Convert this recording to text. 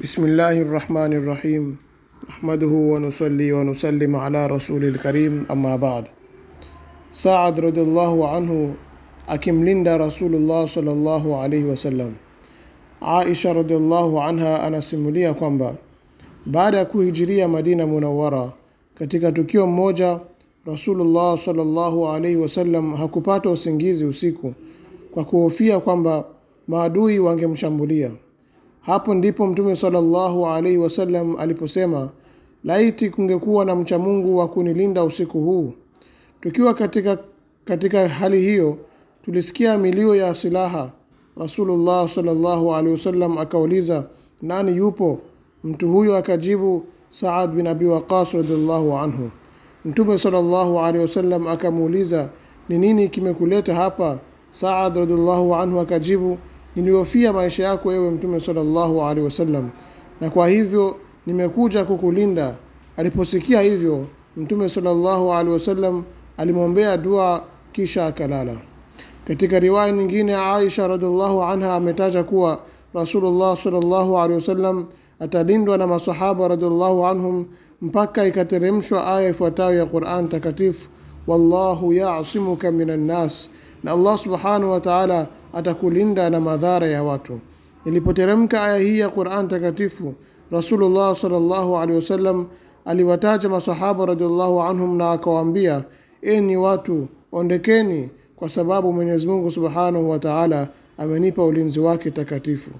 Bismillahi rahmani rahim nahmaduhu wa nusalli wa nusallim ala rasulil karim amma ba'd. Saad radiallahu anhu akimlinda Rasulullah sallallahu alayhi wasallam. Aisha radhiallahu anha anasimulia kwamba baada ya kuhijiria Madina munawara katika tukio mmoja Rasulullah sallallahu alayhi wasallam hakupata usingizi usiku kwa kuhofia kwamba maadui wangemshambulia. Hapo ndipo Mtume sallallahu alaihi wasallam aliposema, laiti kungekuwa na mcha Mungu wa kunilinda usiku huu. Tukiwa katika, katika hali hiyo tulisikia milio ya silaha. Rasulullah sallallahu alaihi wasallam akauliza, nani yupo? Mtu huyo akajibu, Saad bin Abi Waqas radhiallahu anhu. Mtume sallallahu alaihi wasallam akamuuliza, ni nini kimekuleta hapa? Saad radhiallahu anhu akajibu niliyofia maisha yako wewe Mtume sallallahu alaihi wasallam, na kwa hivyo nimekuja kukulinda. Aliposikia hivyo, Mtume sallallahu alaihi wasallam alimwombea dua, kisha akalala. Katika riwaya nyingine, Aisha radhiallahu anha ametaja kuwa Rasulullah sallallahu alaihi wasallam atalindwa na masahaba radhiallahu anhum mpaka ikateremshwa aya ifuatayo ya Qur'an takatifu, wallahu ya'simuka minan nas, na Allah subhanahu wa ta'ala atakulinda na madhara ya watu. Ilipoteremka aya hii ya Qur'an takatifu, Rasulullah sallallahu alaihi wasallam aliwataja masahaba radhiallahu anhum na akawaambia, enyi watu, ondekeni, kwa sababu Mwenyezi Mungu subhanahu wa taala amenipa ulinzi wake takatifu.